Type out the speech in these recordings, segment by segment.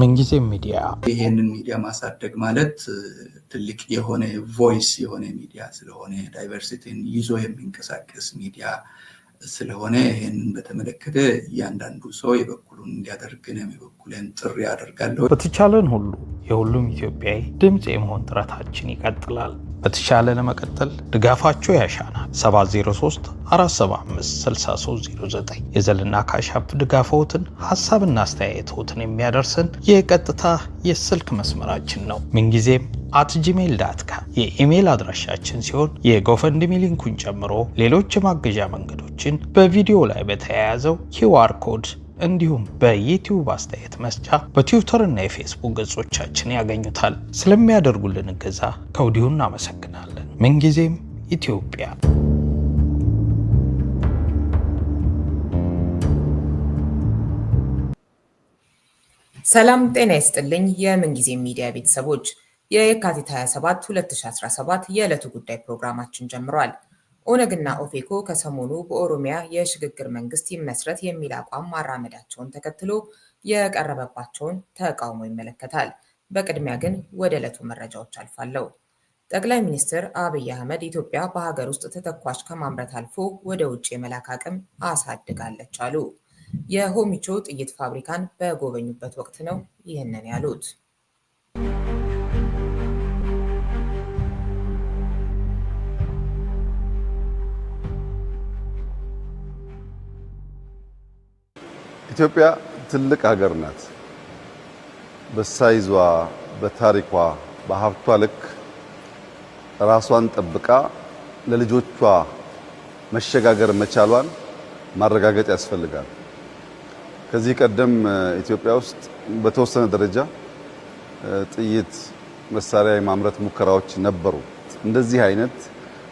ምንጊዜም ሚዲያ ይህንን ሚዲያ ማሳደግ ማለት ትልቅ የሆነ ቮይስ የሆነ ሚዲያ ስለሆነ ዳይቨርሲቲን ይዞ የሚንቀሳቀስ ሚዲያ ስለሆነ ይህን በተመለከተ እያንዳንዱ ሰው የበኩሉን እንዲያደርግ ነው የበኩሌን ጥሪ አደርጋለሁ። በተቻለን ሁሉ የሁሉም ኢትዮጵያዊ ድምፅ የመሆን ጥረታችን ይቀጥላል። በተቻለ ለመቀጠል ድጋፋቸው ያሻናል። 7034756309 የዘልና ካሻፕ ድጋፈውትን ሀሳብና አስተያየትዎትን የሚያደርሰን የቀጥታ የስልክ መስመራችን ነው። ምንጊዜም አት ጂሜል ዳት ካም የኢሜይል አድራሻችን ሲሆን የጎፈንድሚ ሊንኩን ጨምሮ ሌሎች የማገዣ መንገዶችን ቴሌቪዥን በቪዲዮ ላይ በተያያዘው ኪዋር ኮድ እንዲሁም በዩቲዩብ አስተያየት መስጫ በትዊተር እና የፌስቡክ ገጾቻችን ያገኙታል። ስለሚያደርጉልን እገዛ ከወዲሁ እናመሰግናለን። ምንጊዜም ኢትዮጵያ ሰላም ጤና ይስጥልኝ። የምንጊዜ ሚዲያ ቤተሰቦች የየካቲት 27 2017 የዕለቱ ጉዳይ ፕሮግራማችን ጀምሯል። ኦነግና ኦፌኮ ከሰሞኑ በኦሮሚያ የሽግግር መንግስት ይመስረት የሚል አቋም ማራመዳቸውን ተከትሎ የቀረበባቸውን ተቃውሞ ይመለከታል። በቅድሚያ ግን ወደ ዕለቱ መረጃዎች አልፋለሁ። ጠቅላይ ሚኒስትር አብይ አህመድ ኢትዮጵያ በሀገር ውስጥ ተተኳሽ ከማምረት አልፎ ወደ ውጭ የመላክ አቅም አሳድጋለች አሉ። የሆሚቾ ጥይት ፋብሪካን በጎበኙበት ወቅት ነው ይህንን ያሉት። ኢትዮጵያ ትልቅ ሀገር ናት። በሳይዟ፣ በታሪኳ፣ በሀብቷ ልክ ራሷን ጠብቃ ለልጆቿ መሸጋገር መቻሏን ማረጋገጥ ያስፈልጋል። ከዚህ ቀደም ኢትዮጵያ ውስጥ በተወሰነ ደረጃ ጥይት መሳሪያ የማምረት ሙከራዎች ነበሩ። እንደዚህ አይነት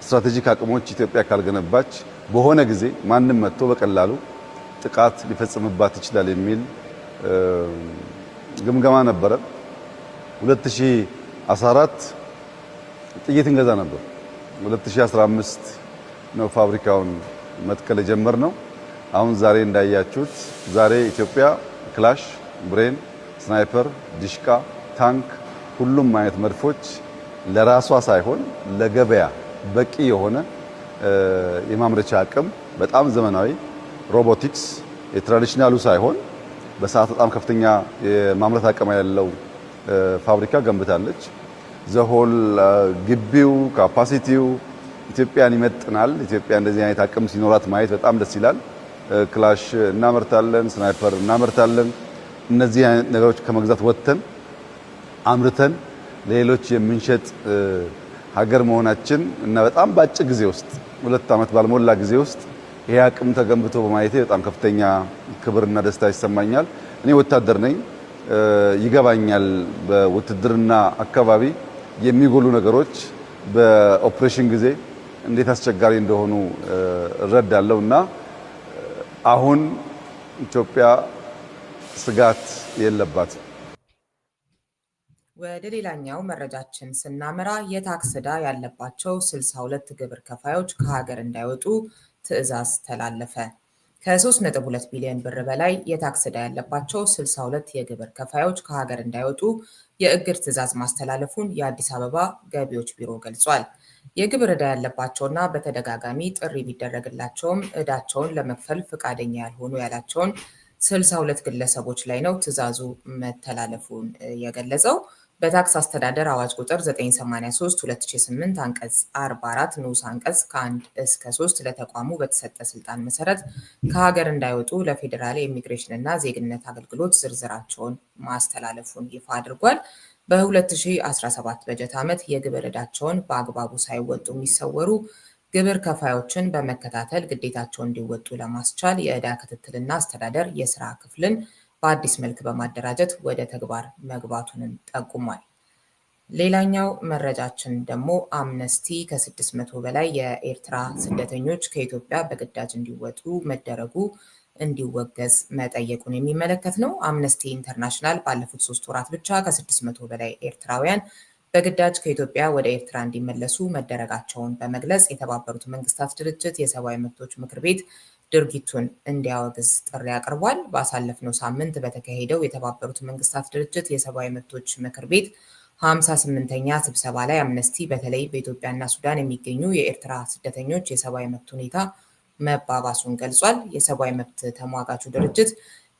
ስትራቴጂክ አቅሞች ኢትዮጵያ ካልገነባች በሆነ ጊዜ ማንም መጥቶ በቀላሉ ጥቃት ሊፈጽምባት ይችላል የሚል ግምገማ ነበረ። 2014 ጥይት እንገዛ ነበር። 2015 ነው ፋብሪካውን መትከል ነው አሁን ዛሬ እንዳያችሁት ዛሬ ኢትዮጵያ ክላሽ፣ ብሬን፣ ስናይፐር፣ ዲሽቃ፣ ታንክ፣ ሁሉም አይነት መድፎች ለራሷ ሳይሆን ለገበያ በቂ የሆነ የማምረቻ አቅም በጣም ዘመናዊ ሮቦቲክስ የትራዲሽናሉ ሳይሆን በሰዓት በጣም ከፍተኛ የማምረት አቅም ያለው ፋብሪካ ገንብታለች። ዘሆል ግቢው ካፓሲቲው ኢትዮጵያን ይመጥናል። ኢትዮጵያ እንደዚህ አይነት አቅም ሲኖራት ማየት በጣም ደስ ይላል። ክላሽ እናመርታለን፣ ስናይፐር እናመርታለን። እነዚህ አይነት ነገሮች ከመግዛት ወጥተን አምርተን ለሌሎች የምንሸጥ ሀገር መሆናችን እና በጣም በአጭር ጊዜ ውስጥ ሁለት ዓመት ባልሞላ ጊዜ ውስጥ ይሄ አቅም ተገንብቶ በማየቴ በጣም ከፍተኛ ክብርና ደስታ ይሰማኛል። እኔ ወታደር ነኝ፣ ይገባኛል። በውትድርና አካባቢ የሚጎሉ ነገሮች በኦፕሬሽን ጊዜ እንዴት አስቸጋሪ እንደሆኑ እረዳለሁ እና አሁን ኢትዮጵያ ስጋት የለባት ወደ ሌላኛው መረጃችን ስናመራ የታክስ ዕዳ ያለባቸው 62 ግብር ከፋዮች ከሀገር እንዳይወጡ ትዕዛዝ ተላለፈ። ከ3.2 ቢሊዮን ብር በላይ የታክስ ዕዳ ያለባቸው 62 የግብር ከፋዮች ከሀገር እንዳይወጡ የእግድ ትዕዛዝ ማስተላለፉን የአዲስ አበባ ገቢዎች ቢሮ ገልጿል። የግብር ዕዳ ያለባቸውና በተደጋጋሚ ጥሪ ቢደረግላቸውም ዕዳቸውን ለመክፈል ፈቃደኛ ያልሆኑ ያላቸውን 62 ግለሰቦች ላይ ነው ትዕዛዙ መተላለፉን የገለጸው። በታክስ አስተዳደር አዋጅ ቁጥር 983/2008 አንቀጽ 44 ንዑስ አንቀጽ ከ1 እስከ 3 ለተቋሙ በተሰጠ ስልጣን መሰረት ከሀገር እንዳይወጡ ለፌዴራል የኢሚግሬሽን እና ዜግነት አገልግሎት ዝርዝራቸውን ማስተላለፉን ይፋ አድርጓል። በ2017 በጀት ዓመት የግብር ዕዳቸውን በአግባቡ ሳይወጡ የሚሰወሩ ግብር ከፋዮችን በመከታተል ግዴታቸውን እንዲወጡ ለማስቻል የዕዳ ክትትልና አስተዳደር የስራ ክፍልን በአዲስ መልክ በማደራጀት ወደ ተግባር መግባቱንም ጠቁሟል። ሌላኛው መረጃችን ደግሞ አምነስቲ ከስድስት መቶ በላይ የኤርትራ ስደተኞች ከኢትዮጵያ በግዳጅ እንዲወጡ መደረጉ እንዲወገዝ መጠየቁን የሚመለከት ነው። አምነስቲ ኢንተርናሽናል ባለፉት ሶስት ወራት ብቻ ከስድስት መቶ በላይ ኤርትራውያን በግዳጅ ከኢትዮጵያ ወደ ኤርትራ እንዲመለሱ መደረጋቸውን በመግለጽ የተባበሩት መንግስታት ድርጅት የሰብአዊ መብቶች ምክር ቤት ድርጊቱን እንዲያወግዝ ጥሪ አቅርቧል። ባሳለፍነው ሳምንት በተካሄደው የተባበሩት መንግስታት ድርጅት የሰብአዊ መብቶች ምክር ቤት ሀምሳ ስምንተኛ ስብሰባ ላይ አምነስቲ በተለይ በኢትዮጵያና ሱዳን የሚገኙ የኤርትራ ስደተኞች የሰብአዊ መብት ሁኔታ መባባሱን ገልጿል። የሰብአዊ መብት ተሟጋቹ ድርጅት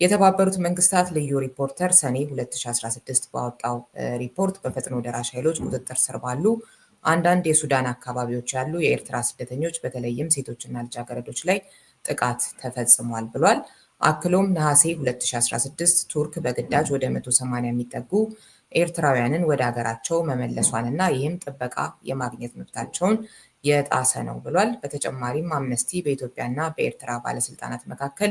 የተባበሩት መንግስታት ልዩ ሪፖርተር ሰኔ 2016 ባወጣው ሪፖርት በፈጥኖ ደራሽ ኃይሎች ቁጥጥር ስር ባሉ አንዳንድ የሱዳን አካባቢዎች ያሉ የኤርትራ ስደተኞች በተለይም ሴቶችና ልጃገረዶች ላይ ጥቃት ተፈጽሟል ብሏል። አክሎም ነሐሴ 2016 ቱርክ በግዳጅ ወደ 180 የሚጠጉ ኤርትራውያንን ወደ ሀገራቸው መመለሷንና ይህም ጥበቃ የማግኘት መብታቸውን የጣሰ ነው ብሏል። በተጨማሪም አምነስቲ በኢትዮጵያና በኤርትራ ባለስልጣናት መካከል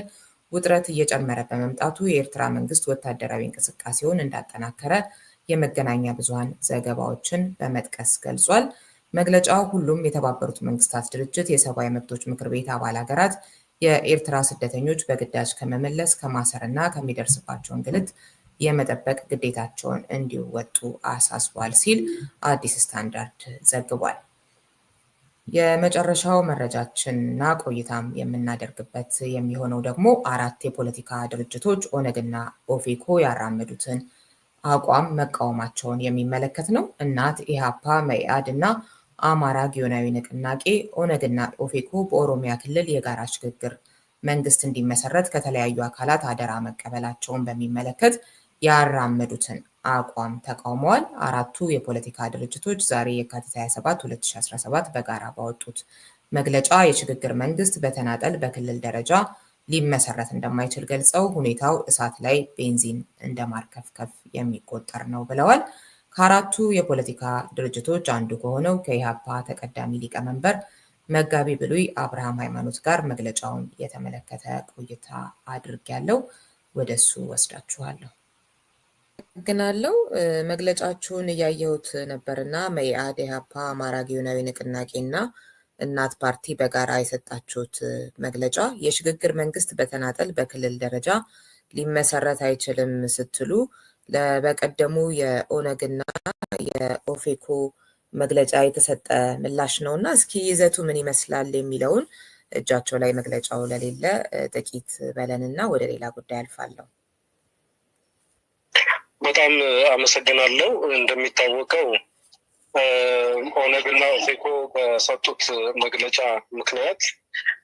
ውጥረት እየጨመረ በመምጣቱ የኤርትራ መንግስት ወታደራዊ እንቅስቃሴውን እንዳጠናከረ የመገናኛ ብዙሃን ዘገባዎችን በመጥቀስ ገልጿል። መግለጫው ሁሉም የተባበሩት መንግስታት ድርጅት የሰብአዊ መብቶች ምክር ቤት አባል ሀገራት የኤርትራ ስደተኞች በግዳጅ ከመመለስ ከማሰርና ከሚደርስባቸው እንግልት የመጠበቅ ግዴታቸውን እንዲወጡ አሳስቧል ሲል አዲስ ስታንዳርድ ዘግቧል። የመጨረሻው መረጃችንና ቆይታም የምናደርግበት የሚሆነው ደግሞ አራት የፖለቲካ ድርጅቶች ኦነግና ኦፌኮ ያራመዱትን አቋም መቃወማቸውን የሚመለከት ነው። እናት፣ ኢህአፓ፣ መኢአድ እና አማራ ጊዮናዊ ንቅናቄ ኦነግና ኦፌኮ በኦሮሚያ ክልል የጋራ ሽግግር መንግስት እንዲመሰረት ከተለያዩ አካላት አደራ መቀበላቸውን በሚመለከት ያራመዱትን አቋም ተቃውመዋል። አራቱ የፖለቲካ ድርጅቶች ዛሬ የካቲት 27 2017 በጋራ ባወጡት መግለጫ የሽግግር መንግስት በተናጠል በክልል ደረጃ ሊመሰረት እንደማይችል ገልጸው ሁኔታው እሳት ላይ ቤንዚን እንደማርከፍከፍ የሚቆጠር ነው ብለዋል። ከአራቱ የፖለቲካ ድርጅቶች አንዱ ከሆነው ከኢህአፓ ተቀዳሚ ሊቀመንበር መጋቢ ብሉይ አብርሃም ሃይማኖት ጋር መግለጫውን የተመለከተ ቆይታ ያለው ወደ እሱ ወስዳችኋለሁ። ግናለው መግለጫችሁን እያየሁት ነበር እና መኢአድ፣ ኢህአፓ፣ አማራ ጊዮናዊ ንቅናቄና እናት ፓርቲ በጋራ የሰጣችሁት መግለጫ የሽግግር መንግስት በተናጠል በክልል ደረጃ ሊመሰረት አይችልም ስትሉ በቀደሙ የኦነግና የኦፌኮ መግለጫ የተሰጠ ምላሽ ነው እና እስኪ ይዘቱ ምን ይመስላል የሚለውን እጃቸው ላይ መግለጫው ለሌለ ጥቂት በለንና ወደ ሌላ ጉዳይ አልፋለሁ። በጣም አመሰግናለሁ። እንደሚታወቀው ኦነግና ኦፌኮ በሰጡት መግለጫ ምክንያት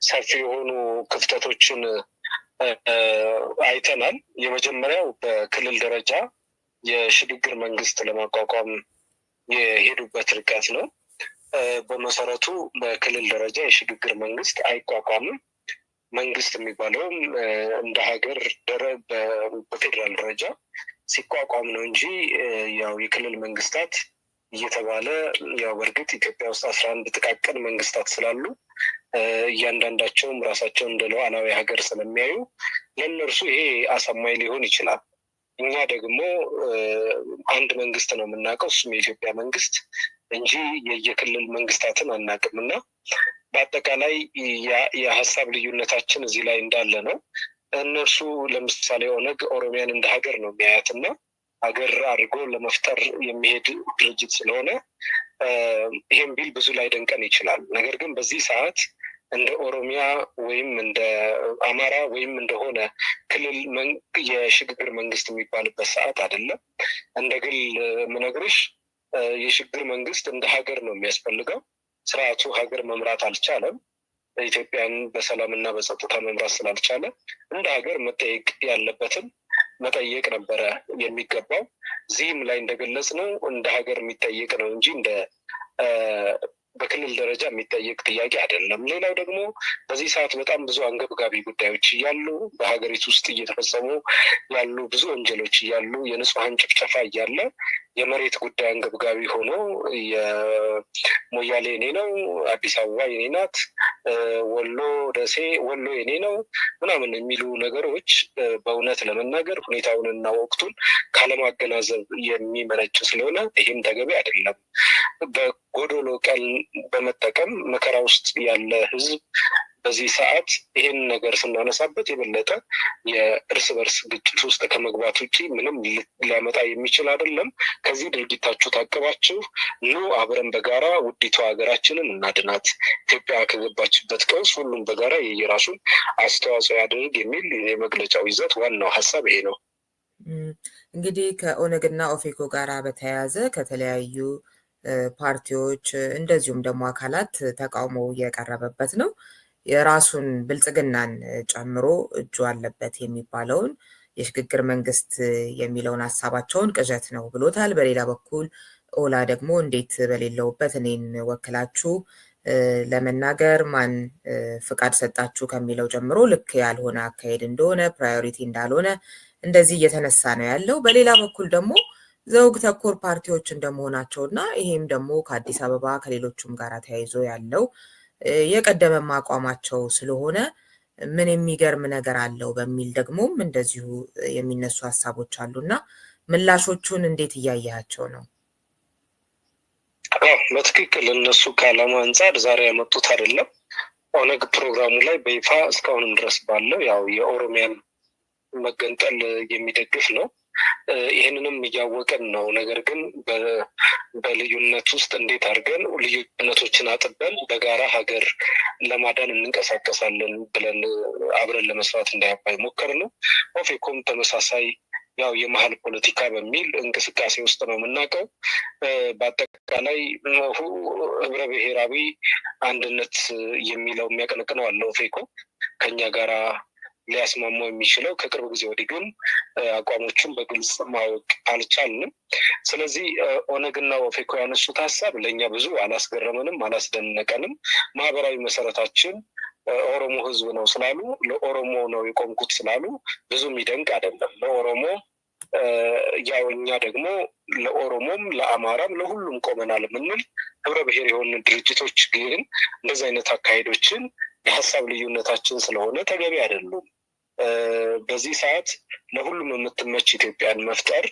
ሰፊ የሆኑ ክፍተቶችን አይተናል። የመጀመሪያው በክልል ደረጃ የሽግግር መንግስት ለማቋቋም የሄዱበት ርቀት ነው። በመሰረቱ በክልል ደረጃ የሽግግር መንግስት አይቋቋምም። መንግስት የሚባለውም እንደ ሀገር በፌዴራል ደረጃ ሲቋቋም ነው እንጂ ያው የክልል መንግስታት እየተባለ ያው በእርግጥ ኢትዮጵያ ውስጥ አስራ አንድ ጥቃቅን መንግስታት ስላሉ እያንዳንዳቸውም ራሳቸውን እንደ ሉዓላዊ ሀገር ስለሚያዩ ለእነርሱ ይሄ አሳማኝ ሊሆን ይችላል። እኛ ደግሞ አንድ መንግስት ነው የምናውቀው፣ እሱም የኢትዮጵያ መንግስት እንጂ የየክልል መንግስታትን አናውቅም። እና በአጠቃላይ የሀሳብ ልዩነታችን እዚህ ላይ እንዳለ ነው። እነርሱ ለምሳሌ ኦነግ ኦሮሚያን እንደ ሀገር ነው የሚያያት እና ሀገር አድርጎ ለመፍጠር የሚሄድ ድርጅት ስለሆነ ይህም ቢል ብዙ ላይ ደንቀን ይችላል። ነገር ግን በዚህ ሰዓት እንደ ኦሮሚያ ወይም እንደ አማራ ወይም እንደሆነ ክልል የሽግግር መንግስት የሚባልበት ሰዓት አይደለም። እንደ ግል ምነግርሽ የሽግግር መንግስት እንደ ሀገር ነው የሚያስፈልገው። ስርዓቱ ሀገር መምራት አልቻለም። ኢትዮጵያን በሰላም እና በጸጥታ መምራት ስላልቻለ እንደ ሀገር መጠየቅ ያለበትን መጠየቅ ነበረ የሚገባው። እዚህም ላይ እንደገለጽ ነው እንደ ሀገር የሚጠየቅ ነው እንጂ እንደ በክልል ደረጃ የሚጠየቅ ጥያቄ አይደለም። ሌላው ደግሞ በዚህ ሰዓት በጣም ብዙ አንገብጋቢ ጉዳዮች እያሉ በሀገሪቱ ውስጥ እየተፈጸሙ ያሉ ብዙ ወንጀሎች እያሉ የንጹሐን ጭፍጨፋ እያለ የመሬት ጉዳይ አንገብጋቢ ሆኖ የሞያሌ የኔ ነው፣ አዲስ አበባ የኔ ናት፣ ወሎ ደሴ፣ ወሎ የኔ ነው ምናምን የሚሉ ነገሮች በእውነት ለመናገር ሁኔታውንና ወቅቱን ካለማገናዘብ የሚመነጭ ስለሆነ ይህም ተገቢ አይደለም። በጎዶሎ ቀን በመጠቀም መከራ ውስጥ ያለ ህዝብ በዚህ ሰዓት ይህን ነገር ስናነሳበት የበለጠ የእርስ በርስ ግጭት ውስጥ ከመግባት ውጭ ምንም ሊያመጣ የሚችል አይደለም። ከዚህ ድርጊታችሁ ታቅባችሁ ኑ አብረን በጋራ ውዲቷ ሀገራችንን እናድናት፣ ኢትዮጵያ ከገባችበት ቀውስ ሁሉም በጋራ የየራሱን አስተዋጽኦ ያደርግ የሚል የመግለጫው ይዘት ዋናው ሀሳብ ይሄ ነው። እንግዲህ ከኦነግና ኦፌኮ ጋር በተያያዘ ከተለያዩ ፓርቲዎች እንደዚሁም ደግሞ አካላት ተቃውሞ የቀረበበት ነው። የራሱን ብልጽግናን ጨምሮ እጁ አለበት የሚባለውን የሽግግር መንግስት የሚለውን ሀሳባቸውን ቅዠት ነው ብሎታል። በሌላ በኩል ኦላ ደግሞ እንዴት በሌለውበት እኔን ወክላችሁ ለመናገር ማን ፍቃድ ሰጣችሁ ከሚለው ጀምሮ ልክ ያልሆነ አካሄድ እንደሆነ ፕራዮሪቲ እንዳልሆነ እንደዚህ እየተነሳ ነው ያለው። በሌላ በኩል ደግሞ ዘውግ ተኮር ፓርቲዎች እንደመሆናቸው እና ይሄም ደግሞ ከአዲስ አበባ ከሌሎቹም ጋር ተያይዞ ያለው የቀደመም አቋማቸው ስለሆነ ምን የሚገርም ነገር አለው በሚል ደግሞም እንደዚሁ የሚነሱ ሀሳቦች አሉ እና ምላሾቹን እንዴት እያያቸው ነው? በትክክል እነሱ ከዓላማ አንጻር ዛሬ ያመጡት አይደለም። ኦነግ ፕሮግራሙ ላይ በይፋ እስካሁንም ድረስ ባለው ያው የኦሮሚያን መገንጠል የሚደግፍ ነው። ይህንንም እያወቅን ነው። ነገር ግን በልዩነት ውስጥ እንዴት አድርገን ልዩነቶችን አጥበን በጋራ ሀገር ለማዳን እንንቀሳቀሳለን ብለን አብረን ለመስራት እንዳያባይ ሞከር ነው። ኦፌኮም ተመሳሳይ ያው የመሀል ፖለቲካ በሚል እንቅስቃሴ ውስጥ ነው የምናውቀው። በአጠቃላይ ህብረ ብሔራዊ አንድነት የሚለው የሚያቀነቅነው አለው ኦፌኮ ከኛ ጋራ ሊያስማማው የሚችለው ከቅርብ ጊዜ ወዲህ ግን አቋሞቹን በግልጽ ማወቅ አልቻልንም። ስለዚህ ኦነግና ኦፌኮ ያነሱት ሀሳብ ለእኛ ብዙ አላስገረመንም፣ አላስደነቀንም። ማህበራዊ መሰረታችን ኦሮሞ ህዝብ ነው ስላሉ ለኦሮሞ ነው የቆምኩት ስላሉ ብዙ የሚደንቅ አይደለም። ለኦሮሞ ያው እኛ ደግሞ ለኦሮሞም ለአማራም ለሁሉም ቆመናል የምንል ህብረ ብሔር የሆኑ ድርጅቶች ግን እንደዚህ አይነት አካሄዶችን የሀሳብ ልዩነታችን ስለሆነ ተገቢ አይደሉም። በዚህ ሰዓት ለሁሉም የምትመች ኢትዮጵያን መፍጠር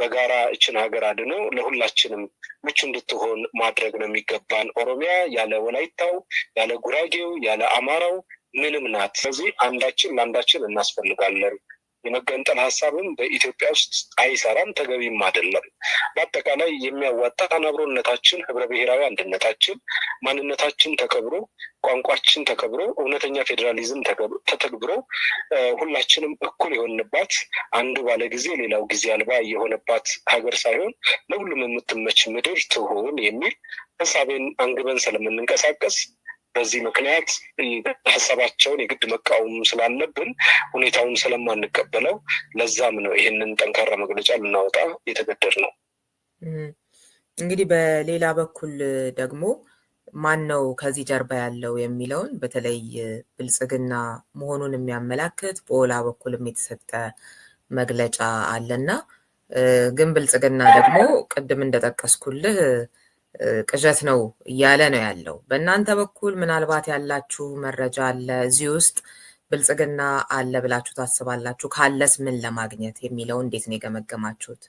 በጋራ እችን ሀገር አድነው ለሁላችንም ምቹ እንድትሆን ማድረግ ነው የሚገባን። ኦሮሚያ ያለ ወላይታው፣ ያለ ጉራጌው፣ ያለ አማራው ምንም ናት። ስለዚህ አንዳችን ለአንዳችን እናስፈልጋለን። የመገንጠል ሀሳብም በኢትዮጵያ ውስጥ አይሰራም፣ ተገቢም አይደለም። በአጠቃላይ የሚያዋጣ አብሮነታችን፣ ህብረ ብሔራዊ አንድነታችን፣ ማንነታችን ተከብሮ፣ ቋንቋችን ተከብሮ፣ እውነተኛ ፌዴራሊዝም ተተግብሮ ሁላችንም እኩል የሆንባት አንዱ ባለ ጊዜ ሌላው ጊዜ አልባ የሆነባት ሀገር ሳይሆን ለሁሉም የምትመች ምድር ትሆን የሚል ሀሳቤን አንግበን ስለምንንቀሳቀስ በዚህ ምክንያት ሀሳባቸውን የግድ መቃወም ስላለብን ሁኔታውን ስለማንቀበለው ለዛም ነው ይህንን ጠንካራ መግለጫ ልናወጣ የተገደድ ነው። እንግዲህ በሌላ በኩል ደግሞ ማን ነው ከዚህ ጀርባ ያለው የሚለውን በተለይ ብልጽግና መሆኑን የሚያመላክት በኦላ በኩልም የተሰጠ መግለጫ አለና ግን ብልጽግና ደግሞ ቅድም እንደጠቀስኩልህ ቅዠት ነው እያለ ነው ያለው። በእናንተ በኩል ምናልባት ያላችሁ መረጃ አለ እዚህ ውስጥ ብልጽግና አለ ብላችሁ ታስባላችሁ? ካለስ ምን ለማግኘት የሚለው እንዴት ነው የገመገማችሁት?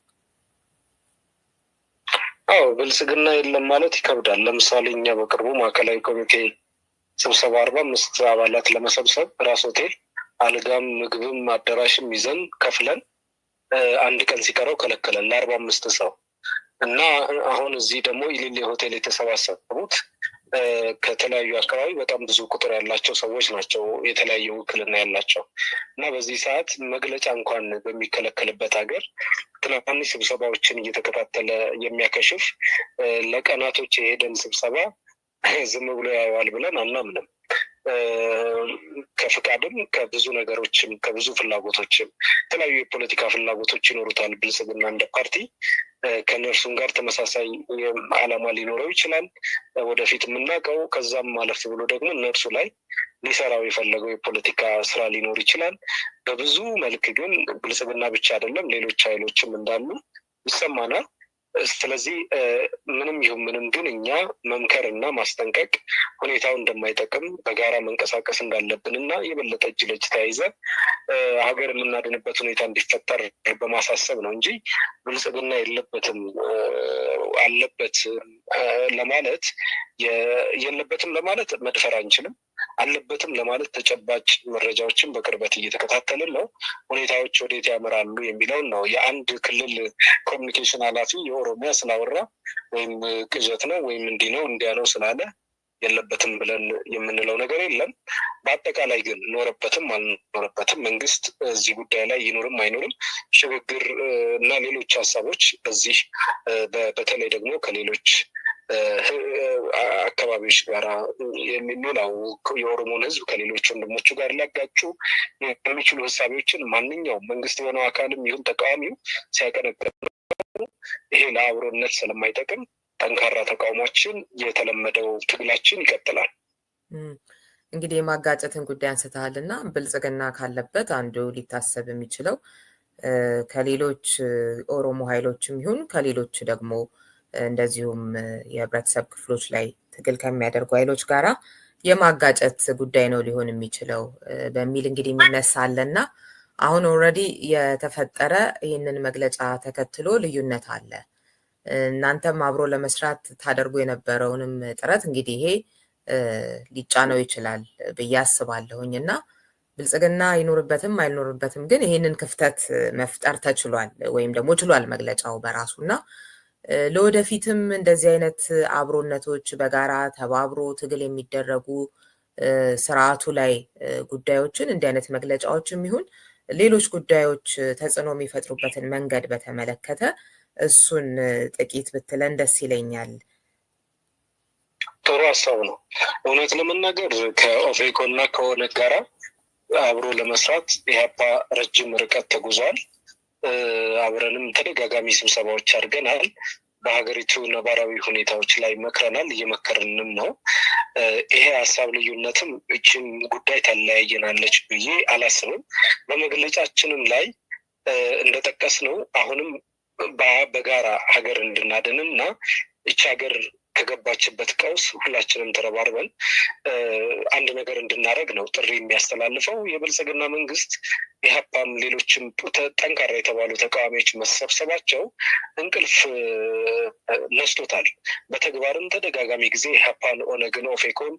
አዎ ብልጽግና የለም ማለት ይከብዳል። ለምሳሌ እኛ በቅርቡ ማዕከላዊ ኮሚቴ ስብሰባ አርባ አምስት አባላት ለመሰብሰብ ራስ ሆቴል አልጋም ምግብም አዳራሽም ይዘን ከፍለን አንድ ቀን ሲቀረው ከለከለን ለአርባ አምስት ሰው እና አሁን እዚህ ደግሞ ኢሊሌ ሆቴል የተሰባሰቡት ከተለያዩ አካባቢ በጣም ብዙ ቁጥር ያላቸው ሰዎች ናቸው፣ የተለያየ ውክልና ያላቸው እና በዚህ ሰዓት መግለጫ እንኳን በሚከለከልበት ሀገር ትናንሽ ስብሰባዎችን እየተከታተለ የሚያከሽፍ ለቀናቶች የሄደን ስብሰባ ዝም ብሎ ያየዋል ብለን አናምንም። ከፍቃድም ከብዙ ነገሮችም ከብዙ ፍላጎቶችም የተለያዩ የፖለቲካ ፍላጎቶች ይኖሩታል። ብልጽግና እንደ ፓርቲ ከእነርሱም ጋር ተመሳሳይ አላማ ሊኖረው ይችላል ወደፊት የምናውቀው። ከዛም ማለፍ ብሎ ደግሞ እነርሱ ላይ ሊሰራው የፈለገው የፖለቲካ ስራ ሊኖር ይችላል። በብዙ መልክ ግን ብልጽግና ብቻ አይደለም ሌሎች ኃይሎችም እንዳሉ ይሰማናል። ስለዚህ ምንም ይሁን ምንም ግን እኛ መምከር እና ማስጠንቀቅ ሁኔታው እንደማይጠቅም በጋራ መንቀሳቀስ እንዳለብን እና የበለጠ እጅ ለእጅ ተያይዘ ሀገር የምናድንበት ሁኔታ እንዲፈጠር በማሳሰብ ነው እንጂ ብልጽግና የለበትም አለበት ለማለት የለበትም ለማለት መድፈር አንችልም። አለበትም ለማለት ተጨባጭ መረጃዎችን በቅርበት እየተከታተልን ነው። ሁኔታዎች ወዴት ያመራሉ የሚለውን ነው። የአንድ ክልል ኮሚኒኬሽን ኃላፊ የኦሮሚያ ስላወራ ወይም ቅዠት ነው ወይም እንዲህ ነው እንዲያ ነው ስላለ የለበትም ብለን የምንለው ነገር የለም። በአጠቃላይ ግን ኖረበትም አልኖረበትም መንግስት እዚህ ጉዳይ ላይ ይኖርም አይኖርም ሽግግር እና ሌሎች ሀሳቦች በዚህ በተለይ ደግሞ ከሌሎች አካባቢዎች ጋራ የሚለው የኦሮሞን ህዝብ ከሌሎች ወንድሞቹ ጋር ሊያጋጩ የሚችሉ ሀሳቢዎችን ማንኛውም መንግስት የሆነው አካልም ይሁን ተቃዋሚው ሲያቀነቅኑ ይሄ ለአብሮነት ስለማይጠቅም ጠንካራ ተቃውሟችን የተለመደው ትግላችን ይቀጥላል። እንግዲህ የማጋጨትን ጉዳይ አንስተሃል እና ብልጽግና ካለበት አንዱ ሊታሰብ የሚችለው ከሌሎች ኦሮሞ ኃይሎችም ይሁን ከሌሎች ደግሞ እንደዚሁም የህብረተሰብ ክፍሎች ላይ ትግል ከሚያደርጉ ኃይሎች ጋራ የማጋጨት ጉዳይ ነው ሊሆን የሚችለው በሚል እንግዲህ የሚነሳ አለና አሁን ኦልሬዲ የተፈጠረ ይህንን መግለጫ ተከትሎ ልዩነት አለ። እናንተም አብሮ ለመስራት ታደርጉ የነበረውንም ጥረት እንግዲህ ይሄ ሊጫነው ይችላል ብዬ አስባለሁኝ እና ብልጽግና ይኖርበትም አይኖርበትም ግን ይህንን ክፍተት መፍጠር ተችሏል ወይም ደግሞ ችሏል መግለጫው በራሱና ለወደፊትም እንደዚህ አይነት አብሮነቶች በጋራ ተባብሮ ትግል የሚደረጉ ስርዓቱ ላይ ጉዳዮችን እንዲህ አይነት መግለጫዎችም ይሁን ሌሎች ጉዳዮች ተጽዕኖ የሚፈጥሩበትን መንገድ በተመለከተ እሱን ጥቂት ብትለን ደስ ይለኛል። ጥሩ ሀሳብ ነው። እውነት ለመናገር ከኦፌኮ እና ከኦነግ ጋራ አብሮ ለመስራት ኢህአፓ ረጅም ርቀት ተጉዟል። አብረንም ተደጋጋሚ ስብሰባዎች አድርገናል። በሀገሪቱ ነባራዊ ሁኔታዎች ላይ መክረናል፣ እየመከርንም ነው። ይሄ ሀሳብ ልዩነትም እችም ጉዳይ ታለያየናለች ብዬ አላስብም። በመግለጫችንም ላይ ነው አሁንም በጋራ ሀገር እንድናድንና እች ሀገር ከገባችበት ቀውስ ሁላችንም ተረባርበን አንድ ነገር እንድናደረግ ነው ጥሪ የሚያስተላልፈው የብልጽግና መንግስት የሀፓም ሌሎችም ጠንካራ የተባሉ ተቃዋሚዎች መሰብሰባቸው እንቅልፍ ነስቶታል። በተግባርም ተደጋጋሚ ጊዜ የሀፓን፣ ኦነግን፣ ኦፌኮን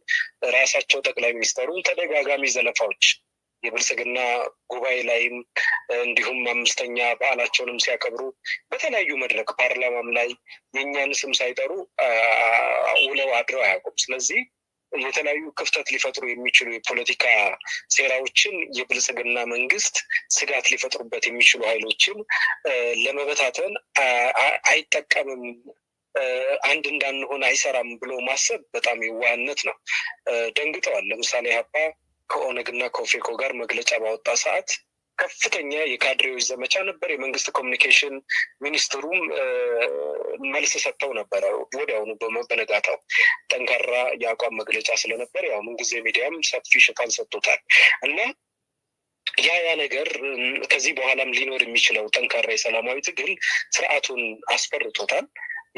ራሳቸው ጠቅላይ ሚኒስተሩን ተደጋጋሚ ዘለፋዎች የብልጽግና ጉባኤ ላይም እንዲሁም አምስተኛ በዓላቸውንም ሲያከብሩ በተለያዩ መድረክ ፓርላማም ላይ የእኛን ስም ሳይጠሩ ውለው አድረው አያውቁም። ስለዚህ የተለያዩ ክፍተት ሊፈጥሩ የሚችሉ የፖለቲካ ሴራዎችን የብልጽግና መንግስት ስጋት ሊፈጥሩበት የሚችሉ ኃይሎችን ለመበታተን አይጠቀምም። አንድ እንዳንሆን አይሰራም ብሎ ማሰብ በጣም የዋህነት ነው። ደንግጠዋል። ለምሳሌ ሀባ ከኦነግና ከኦፌኮ ጋር መግለጫ ባወጣ ሰዓት ከፍተኛ የካድሬዎች ዘመቻ ነበር። የመንግስት ኮሚኒኬሽን ሚኒስትሩም መልስ ሰጥተው ነበረ ወዲያውኑ በነጋታው ጠንካራ የአቋም መግለጫ ስለነበር ያው ምንጊዜ ሚዲያም ሰፊ ሽፋን ሰጥቶታል እና ያ ያ ነገር ከዚህ በኋላም ሊኖር የሚችለው ጠንካራ የሰላማዊ ትግል ስርዓቱን አስፈርቶታል።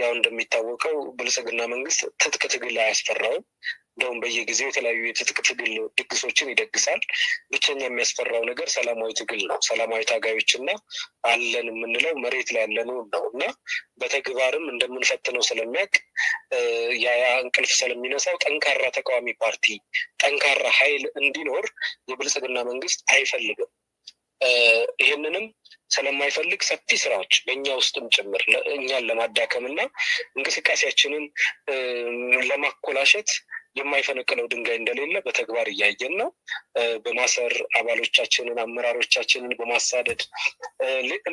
ያው እንደሚታወቀው ብልጽግና መንግስት ትጥቅ ትግል አያስፈራውም። እንደውም በየጊዜው የተለያዩ የትጥቅ ትግል ድግሶችን ይደግሳል። ብቸኛ የሚያስፈራው ነገር ሰላማዊ ትግል ነው። ሰላማዊ ታጋዮች አለን የምንለው መሬት ላይ ያለነውን ነው እና በተግባርም እንደምንፈትነው ስለሚያውቅ ያ እንቅልፍ ስለሚነሳው ጠንካራ ተቃዋሚ ፓርቲ፣ ጠንካራ ኃይል እንዲኖር የብልጽግና መንግስት አይፈልግም። ይህንንም ስለማይፈልግ ሰፊ ስራዎች በእኛ ውስጥም ጭምር እኛን ለማዳከም እና እንቅስቃሴያችንን ለማኮላሸት የማይፈነቅለው ድንጋይ እንደሌለ በተግባር እያየን ነው። በማሰር አባሎቻችንን፣ አመራሮቻችንን በማሳደድ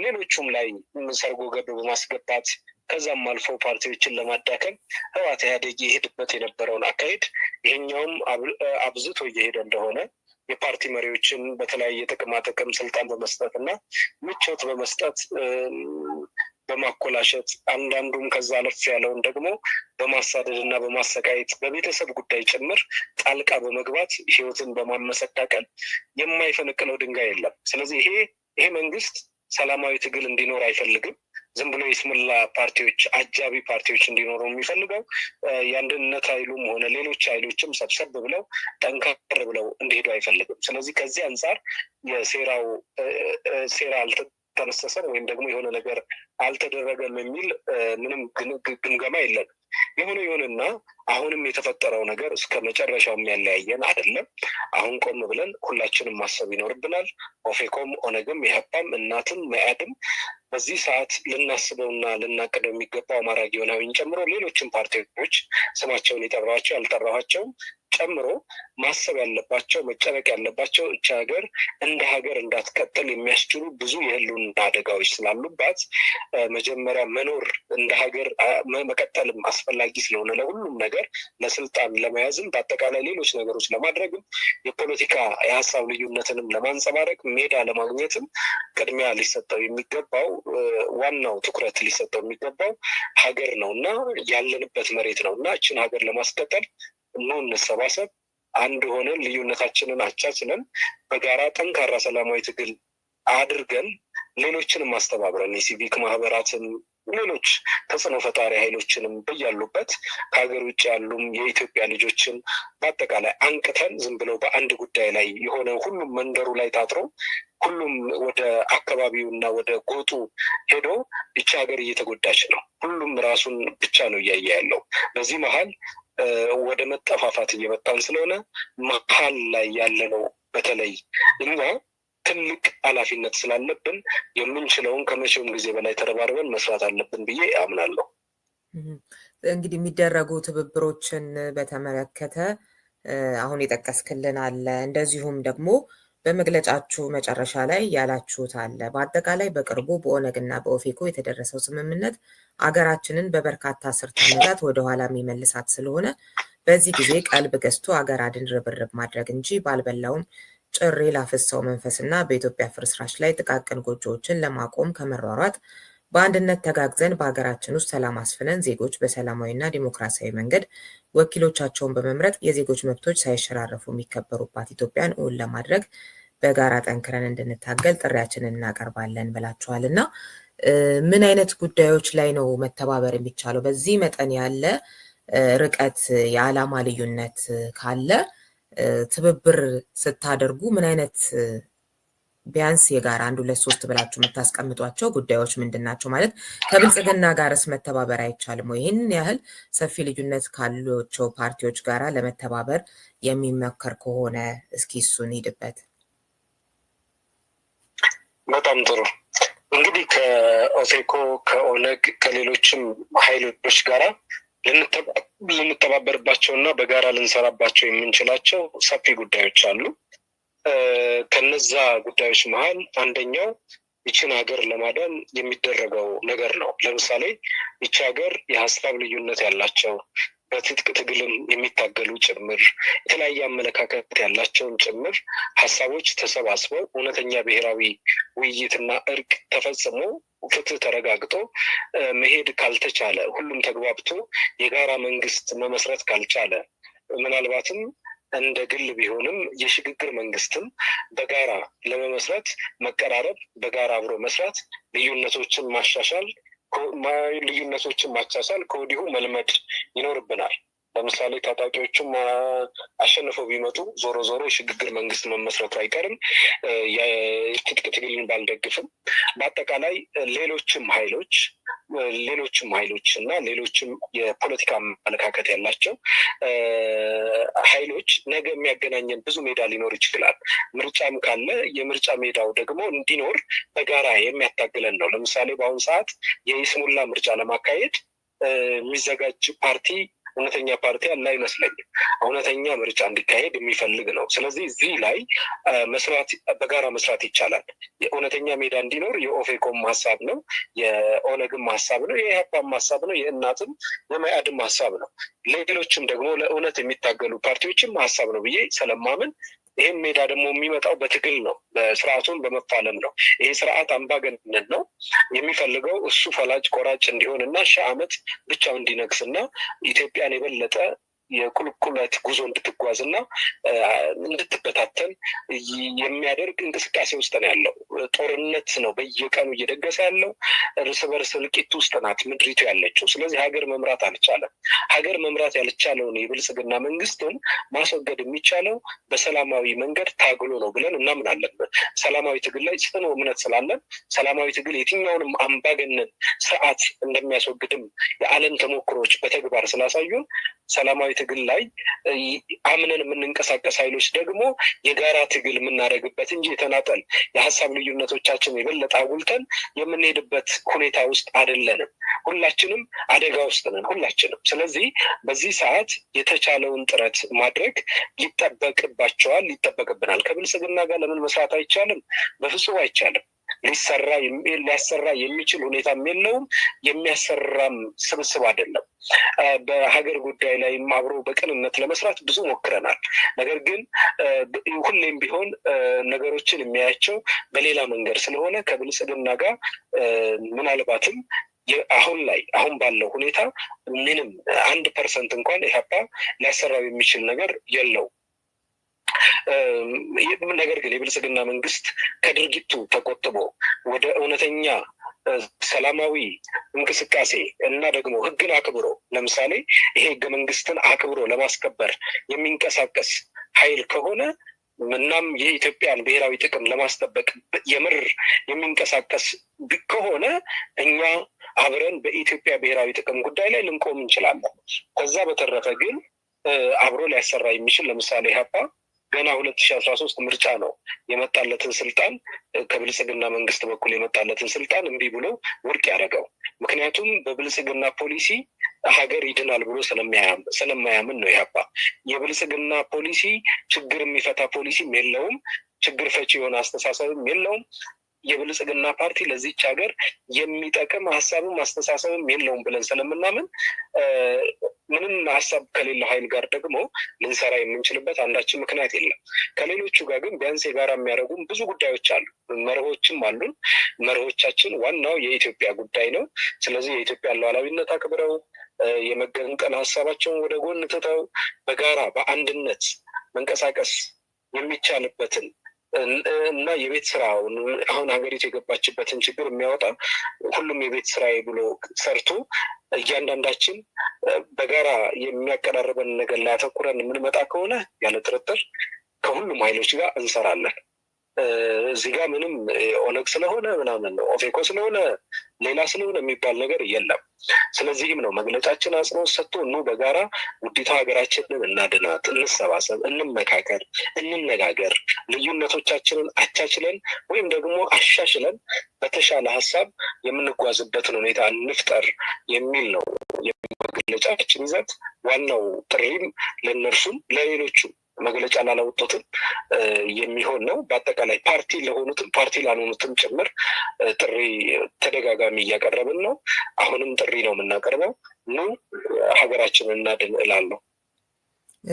ሌሎቹም ላይ ሰርጎ ገብ በማስገባት ከዛም አልፎ ፓርቲዎችን ለማዳከም ህወሓት ኢህአዴግ የሄድበት የነበረውን አካሄድ ይሄኛውም አብዝቶ እየሄደ እንደሆነ የፓርቲ መሪዎችን በተለያየ ጥቅማ ጥቅም ስልጣን በመስጠት እና ምቾት በመስጠት በማኮላሸት አንዳንዱም ከዛ አለፍ ያለውን ደግሞ በማሳደድ እና በማሰቃየት በቤተሰብ ጉዳይ ጭምር ጣልቃ በመግባት ህይወትን በማመሰዳቀል የማይፈነቅለው ድንጋይ የለም። ስለዚህ ይሄ ይሄ መንግስት ሰላማዊ ትግል እንዲኖር አይፈልግም። ዝም ብሎ የስሙላ ፓርቲዎች፣ አጃቢ ፓርቲዎች እንዲኖሩ የሚፈልገው የአንድነት ኃይሉም ሆነ ሌሎች ኃይሎችም ሰብሰብ ብለው ጠንከር ብለው እንዲሄዱ አይፈልግም። ስለዚህ ከዚህ አንጻር የሴራው ሴራ አልተጠነሰሰም ወይም ደግሞ የሆነ ነገር አልተደረገም የሚል ምንም ግምገማ የለም። የሆነ የሆነና አሁንም የተፈጠረው ነገር እስከ መጨረሻው የሚያለያየን አይደለም። አሁን ቆም ብለን ሁላችንም ማሰብ ይኖርብናል። ኦፌኮም፣ ኦነግም፣ ኢህአፓም፣ እናትም መያድም በዚህ ሰዓት ልናስበውና ልናቅደው የሚገባው አማራ ጊዮናዊን ጨምሮ ሌሎችም ፓርቲዎች ስማቸውን የጠራቸው ያልጠራኋቸውም ጨምሮ ማሰብ ያለባቸው መጨነቅ ያለባቸው እች ሀገር እንደ ሀገር እንዳትቀጥል የሚያስችሉ ብዙ የህልውና አደጋዎች ስላሉባት መጀመሪያ መኖር እንደ ሀገር መቀጠልም አስፈላጊ ስለሆነ ለሁሉም ነገር ለስልጣን ለመያዝም በአጠቃላይ ሌሎች ነገሮች ለማድረግም የፖለቲካ የሀሳብ ልዩነትንም ለማንጸባረቅ ሜዳ ለማግኘትም ቅድሚያ ሊሰጠው የሚገባው ዋናው ትኩረት ሊሰጠው የሚገባው ሀገር ነው እና ያለንበት መሬት ነው እና እችን ሀገር ለማስቀጠል እና እንሰባሰብ፣ አንድ ሆነን ልዩነታችንን አቻችለን በጋራ ጠንካራ ሰላማዊ ትግል አድርገን ሌሎችንም አስተባብረን የሲቪክ ማህበራትን ሌሎች ተጽዕኖ ፈጣሪ ኃይሎችንም በያሉበት ከሀገር ውጭ ያሉም የኢትዮጵያ ልጆችን በአጠቃላይ አንቅተን ዝም ብለው በአንድ ጉዳይ ላይ የሆነ ሁሉም መንደሩ ላይ ታጥሮ ሁሉም ወደ አካባቢውና ወደ ጎጡ ሄዶ ብቻ ሀገር እየተጎዳች ነው። ሁሉም ራሱን ብቻ ነው እያየ ያለው። በዚህ መሀል ወደ መጠፋፋት እየመጣን ስለሆነ መሀል ላይ ያለ ነው በተለይ እኛ ትልቅ ኃላፊነት ስላለብን የምንችለውን ከመቼውም ጊዜ በላይ ተረባርበን መስራት አለብን ብዬ አምናለሁ። እንግዲህ የሚደረጉ ትብብሮችን በተመለከተ አሁን የጠቀስክልን አለ እንደዚሁም ደግሞ በመግለጫችሁ መጨረሻ ላይ ያላችሁት አለ። በአጠቃላይ በቅርቡ በኦነግና በኦፌኮ የተደረሰው ስምምነት አገራችንን በበርካታ አስርተ ዓመታት ወደኋላ የሚመልሳት ስለሆነ በዚህ ጊዜ ቀልብ ገዝቶ አገር አድን ርብርብ ማድረግ እንጂ ባልበላውም ጭሬ ላፍሰው መንፈስና በኢትዮጵያ ፍርስራሽ ላይ ጥቃቅን ጎጆዎችን ለማቆም ከመሯሯጥ በአንድነት ተጋግዘን በሀገራችን ውስጥ ሰላም አስፍነን ዜጎች በሰላማዊና ዲሞክራሲያዊ መንገድ ወኪሎቻቸውን በመምረጥ የዜጎች መብቶች ሳይሸራረፉ የሚከበሩባት ኢትዮጵያን እውን ለማድረግ በጋራ ጠንክረን እንድንታገል ጥሪያችንን እናቀርባለን ብላችኋል እና ምን አይነት ጉዳዮች ላይ ነው መተባበር የሚቻለው? በዚህ መጠን ያለ ርቀት የዓላማ ልዩነት ካለ ትብብር ስታደርጉ ምን አይነት ቢያንስ የጋራ አንድ ሁለት ሶስት ብላችሁ የምታስቀምጧቸው ጉዳዮች ምንድን ናቸው? ማለት ከብልጽግና ጋርስ መተባበር አይቻልም ይህንን ያህል ሰፊ ልዩነት ካሏቸው ፓርቲዎች ጋራ ለመተባበር የሚመከር ከሆነ እስኪ እሱን ሂድበት። በጣም ጥሩ እንግዲህ ከኦፌኮ ከኦነግ ከሌሎችም ኃይሎች ጋራ ልንተባበርባቸው እና በጋራ ልንሰራባቸው የምንችላቸው ሰፊ ጉዳዮች አሉ። ከነዛ ጉዳዮች መሀል አንደኛው ይችን ሀገር ለማዳን የሚደረገው ነገር ነው። ለምሳሌ ይቺ ሀገር የሀሳብ ልዩነት ያላቸው በትጥቅ ትግልም የሚታገሉ ጭምር የተለያየ አመለካከት ያላቸውን ጭምር ሀሳቦች ተሰባስበው እውነተኛ ብሔራዊ ውይይትና እርቅ ተፈጽሞ ፍትህ ተረጋግጦ መሄድ ካልተቻለ፣ ሁሉም ተግባብቶ የጋራ መንግስት መመስረት ካልቻለ ምናልባትም እንደ ግል ቢሆንም የሽግግር መንግስትም በጋራ ለመመስረት መቀራረብ፣ በጋራ አብሮ መስራት፣ ልዩነቶችን ማሻሻል ልዩነቶችን ማቻሳል ከወዲሁ መልመድ ይኖርብናል። ለምሳሌ ታጣቂዎችም አሸንፈው ቢመጡ ዞሮ ዞሮ የሽግግር መንግስት መመስረቱ አይቀርም። የትጥቅ ትግልን ባልደግፍም በአጠቃላይ ሌሎችም ሀይሎች ሌሎችም ሀይሎች እና ሌሎችም የፖለቲካ አመለካከት ያላቸው ሀይሎች ነገ የሚያገናኘን ብዙ ሜዳ ሊኖር ይችላል። ምርጫም ካለ የምርጫ ሜዳው ደግሞ እንዲኖር በጋራ የሚያታግለን ነው። ለምሳሌ በአሁኑ ሰዓት የኢስሙላ ምርጫ ለማካሄድ የሚዘጋጅ ፓርቲ እውነተኛ ፓርቲ አለ አይመስለኝም። እውነተኛ ምርጫ እንዲካሄድ የሚፈልግ ነው። ስለዚህ እዚህ ላይ መስራት በጋራ መስራት ይቻላል። የእውነተኛ ሜዳ እንዲኖር የኦፌኮም ሀሳብ ነው፣ የኦነግም ሀሳብ ነው፣ የኢህአፓም ሀሳብ ነው፣ የእናትም የመያድም ሀሳብ ነው። ሌሎችም ደግሞ ለእውነት የሚታገሉ ፓርቲዎችም ሀሳብ ነው ብዬ ስለማምን ይህን ሜዳ ደግሞ የሚመጣው በትግል ነው፣ በስርዓቱን በመፋለም ነው። ይህ ስርዓት አምባገነን ነው የሚፈልገው እሱ ፈላጭ ቆራጭ እንዲሆን እና ሺህ ዓመት ብቻው እንዲነግስ ኢትዮጵያን የበለጠ የቁልቁለት ጉዞ እንድትጓዝ እና እንድትበታተን የሚያደርግ እንቅስቃሴ ውስጥ ነው ያለው። ጦርነት ነው በየቀኑ እየደገሰ ያለው። እርስ በርስ እልቂት ውስጥ ናት ምድሪቱ ያለችው። ስለዚህ ሀገር መምራት አልቻለም። ሀገር መምራት ያልቻለውን የብልጽግና መንግስትን ማስወገድ የሚቻለው በሰላማዊ መንገድ ታግሎ ነው ብለን እናምናለን። ሰላማዊ ትግል ላይ ጽኑ እምነት ስላለን ሰላማዊ ትግል የትኛውንም አምባገነን ስርዓት እንደሚያስወግድም የዓለም ተሞክሮች በተግባር ስላሳዩን ሰላማዊ ትግል ላይ አምነን የምንንቀሳቀስ ኃይሎች ደግሞ የጋራ ትግል የምናደርግበት እንጂ የተናጠል የሀሳብ ልዩነቶቻችን የበለጠ አጉልተን የምንሄድበት ሁኔታ ውስጥ አይደለንም። ሁላችንም አደጋ ውስጥ ነን፣ ሁላችንም። ስለዚህ በዚህ ሰዓት የተቻለውን ጥረት ማድረግ ይጠበቅባቸዋል፣ ይጠበቅብናል። ከብልጽግና ጋር ለምን መስራት አይቻልም? በፍጹም አይቻልም። ሊሰራ ሊያሰራ የሚችል ሁኔታም የለውም። የሚያሰራም ስብስብ አይደለም። በሀገር ጉዳይ ላይም አብሮ በቅንነት ለመስራት ብዙ ሞክረናል። ነገር ግን ሁሌም ቢሆን ነገሮችን የሚያያቸው በሌላ መንገድ ስለሆነ ከብልጽግና ጋር ምናልባትም አሁን ላይ አሁን ባለው ሁኔታ ምንም አንድ ፐርሰንት እንኳን ኢህአፓ ሊያሰራው የሚችል ነገር የለውም። ነገር ግን የብልጽግና መንግስት ከድርጊቱ ተቆጥቦ ወደ እውነተኛ ሰላማዊ እንቅስቃሴ እና ደግሞ ህግን አክብሮ ለምሳሌ ይሄ ህገ መንግስትን አክብሮ ለማስከበር የሚንቀሳቀስ ኃይል ከሆነ እናም የኢትዮጵያን ብሔራዊ ጥቅም ለማስጠበቅ የምር የሚንቀሳቀስ ከሆነ እኛ አብረን በኢትዮጵያ ብሔራዊ ጥቅም ጉዳይ ላይ ልንቆም እንችላለን። ከዛ በተረፈ ግን አብሮ ሊያሰራ የሚችል ለምሳሌ ሀፓ ገና ሁለት ሺ አስራ ሶስት ምርጫ ነው የመጣለትን ስልጣን ከብልጽግና መንግስት በኩል የመጣለትን ስልጣን እምቢ ብሎ ውድቅ ያደረገው። ምክንያቱም በብልጽግና ፖሊሲ ሀገር ይድናል ብሎ ስለማያምን ነው። ያባ የብልጽግና ፖሊሲ ችግር የሚፈታ ፖሊሲም የለውም፣ ችግር ፈቺ የሆነ አስተሳሰብም የለውም። የብልጽግና ፓርቲ ለዚች ሀገር የሚጠቅም ሀሳብም አስተሳሰብም የለውም ብለን ስለምናምን ምንም ሀሳብ ከሌለ ኃይል ጋር ደግሞ ልንሰራ የምንችልበት አንዳችን ምክንያት የለም። ከሌሎቹ ጋር ግን ቢያንስ የጋራ የሚያደርጉም ብዙ ጉዳዮች አሉ፣ መርሆችም አሉን። መርሆቻችን ዋናው የኢትዮጵያ ጉዳይ ነው። ስለዚህ የኢትዮጵያ ሉዓላዊነት አክብረው የመገንጠል ሀሳባቸውን ወደ ጎን ትተው በጋራ በአንድነት መንቀሳቀስ የሚቻልበትን እና የቤት ስራ አሁን ሀገሪቱ የገባችበትን ችግር የሚያወጣ ሁሉም የቤት ስራ ብሎ ሰርቶ እያንዳንዳችን በጋራ የሚያቀራርበን ነገር ላይ አተኩረን የምንመጣ ከሆነ ያለ ጥርጥር ከሁሉም ኃይሎች ጋር እንሰራለን። እዚህ ጋር ምንም ኦነግ ስለሆነ ምናምን ኦፌኮ ስለሆነ ሌላ ስለሆነ የሚባል ነገር የለም። ስለዚህም ነው መግለጫችን አጽንኦት ሰጥቶ እኑ በጋራ ውዲታ ሀገራችንን እናድናት፣ እንሰባሰብ፣ እንመካከል፣ እንነጋገር፣ ልዩነቶቻችንን አቻችለን ወይም ደግሞ አሻሽለን በተሻለ ሀሳብ የምንጓዝበትን ሁኔታ እንፍጠር የሚል ነው የመግለጫችን ይዘት። ዋናው ጥሪም ለእነርሱም ለሌሎቹም መግለጫ ለወጡትም የሚሆን ነው። በአጠቃላይ ፓርቲ ለሆኑትም ፓርቲ ላልሆኑትም ጭምር ጥሪ ተደጋጋሚ እያቀረብን ነው። አሁንም ጥሪ ነው የምናቀርበው። ኑ ሀገራችንን እናድን እላለሁ።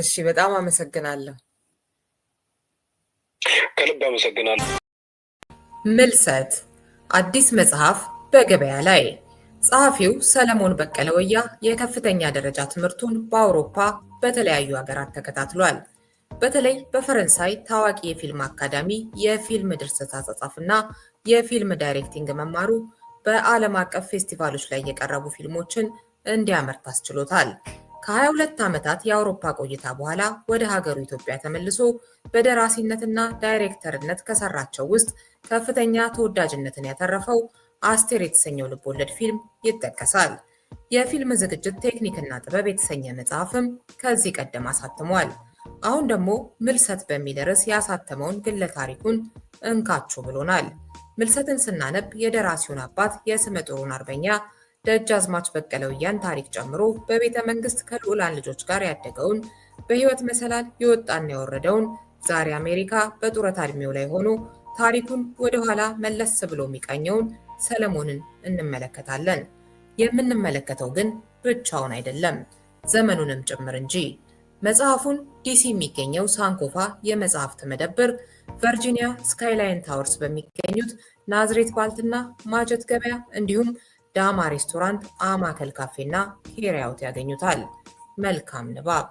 እሺ፣ በጣም አመሰግናለሁ። ከልብ አመሰግናለሁ። ምልሰት አዲስ መጽሐፍ በገበያ ላይ ጸሐፊው ሰለሞን በቀለ ወያ የከፍተኛ ደረጃ ትምህርቱን በአውሮፓ በተለያዩ ሀገራት ተከታትሏል። በተለይ በፈረንሳይ ታዋቂ የፊልም አካዳሚ የፊልም ድርሰት አጻጻፍና የፊልም ዳይሬክቲንግ መማሩ በዓለም አቀፍ ፌስቲቫሎች ላይ የቀረቡ ፊልሞችን እንዲያመርት አስችሎታል። ከ22 ዓመታት የአውሮፓ ቆይታ በኋላ ወደ ሀገሩ ኢትዮጵያ ተመልሶ በደራሲነትና ዳይሬክተርነት ከሰራቸው ውስጥ ከፍተኛ ተወዳጅነትን ያተረፈው አስቴር የተሰኘው ልቦለድ ፊልም ይጠቀሳል። የፊልም ዝግጅት ቴክኒክና ጥበብ የተሰኘ መጽሐፍም ከዚህ ቀደም አሳትሟል። አሁን ደግሞ ምልሰት በሚል ርዕስ ያሳተመውን ግለ ታሪኩን እንካችሁ ብሎናል። ምልሰትን ስናነብ የደራሲውን አባት የስመ ጥሩን አርበኛ ደጃዝማች በቀለ በቀለውያን ታሪክ ጨምሮ በቤተ መንግስት ከልዑላን ልጆች ጋር ያደገውን በህይወት መሰላል የወጣና የወረደውን ዛሬ አሜሪካ በጡረታ እድሜው ላይ ሆኖ ታሪኩን ወደኋላ መለስ ብሎ የሚቃኘውን ሰለሞንን እንመለከታለን። የምንመለከተው ግን ብቻውን አይደለም፣ ዘመኑንም ጭምር እንጂ። መጽሐፉን ዲሲ የሚገኘው ሳንኮፋ የመጽሐፍት መደብር፣ ቨርጂኒያ ስካይላይን ታወርስ በሚገኙት ናዝሬት ባልትና ማጀት ገበያ እንዲሁም ዳማ ሬስቶራንት፣ አማከል ካፌና ሄሪያውት ያገኙታል። መልካም ንባብ